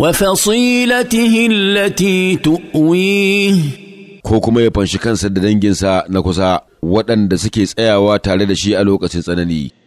وفصيلته التي تؤويه ko kuma ya fanshi kansa da danginsa na kusa waɗanda suke tsayawa tare da shi a lokacin tsanani